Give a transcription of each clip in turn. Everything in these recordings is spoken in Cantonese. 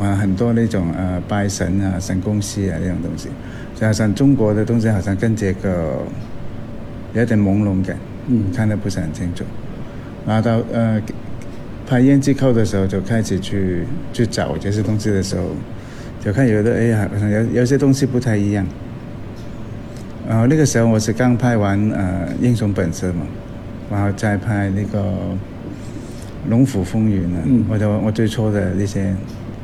啊，很多那種呃拜神啊、神公司啊呢種東西，加上中國的東西，好像跟這個有點朦朧感，嗯，看得不是很清楚。然後到呃拍《胭脂扣》的時候，就開始去去找這些東西的時候，就看有的，哎呀，好像有有些東西不太一樣。然後，呃，那個時候我是剛拍完呃《英雄本色》嘛，然後再拍那個《龍虎風雲》啊，嗯，或者我，我最初的那些。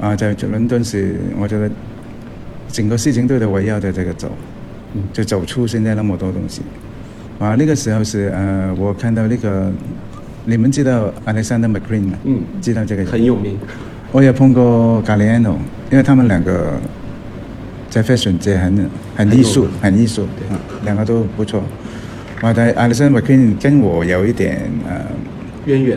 啊，在倫敦時，我覺得整個事情都係圍繞着這個走，嗯，就走出現在那麼多東西。啊，那個時候是、呃、我看到呢，這個，你們知道 Alexander McQueen 嗯，知道這個很有名。我也碰過 Galliano 因為他們兩個在 fashion 界很很藝術，很，很藝術，嗯，兩個都不錯。我、啊、但 Alexander McQueen 跟我有一點、呃、淵源。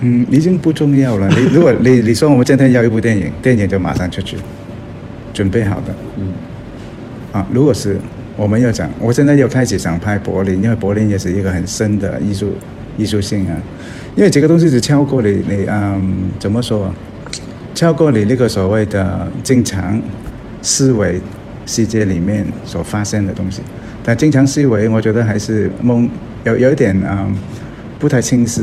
嗯，已經不重要了。你如果你你說我們今天要一部電影，電影就馬上出去準備好的。嗯，啊，如果是我們要講，我現在又開始想拍柏林，因為柏林也是一個很深的藝術藝術性啊。因為這個東西是超過你你嗯怎麼說超過你那個所謂的正常思維世界裏面所發生的東西。但正常思維，我覺得還是懵，有有一點啊，嗯，不太清晰。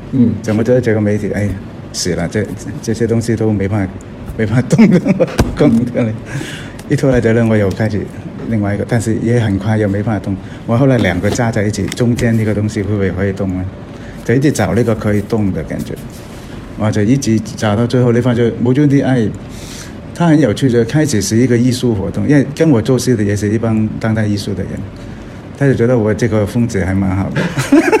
嗯，怎麼覺得這個媒體，哎，死了，這這些東西都沒法，沒法動的，咁嘅咧。一拖就認為我有開始另外一個，但是也很快又沒法動。我後來兩個紮在一起，中間那個東西會不會可以動啊？就一直找那個可以動的感覺，我就一直找到最後，你發覺冇錯的愛。他很有趣，就開始是一個藝術活動，因為跟我做事的也是一幫當代藝術的人，他就覺得我這個風景還蠻好的。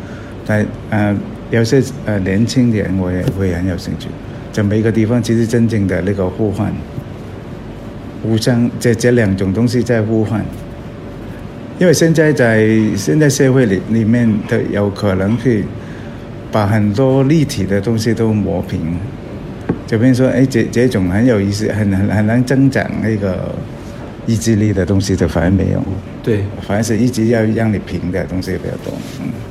但呃，有些呃，年輕人我也會很有興趣。就每個地方其實真正的那個呼喚互相，這這兩種東西在呼喚。因為現在在現在社會裏，裏面，都有可能去把很多立體的東西都磨平。就比如說，誒、哎，這這種很有意思、很很很能增長那個意志力的東西，就反而沒有，對，反而是一直要讓你平的東西比較多。嗯。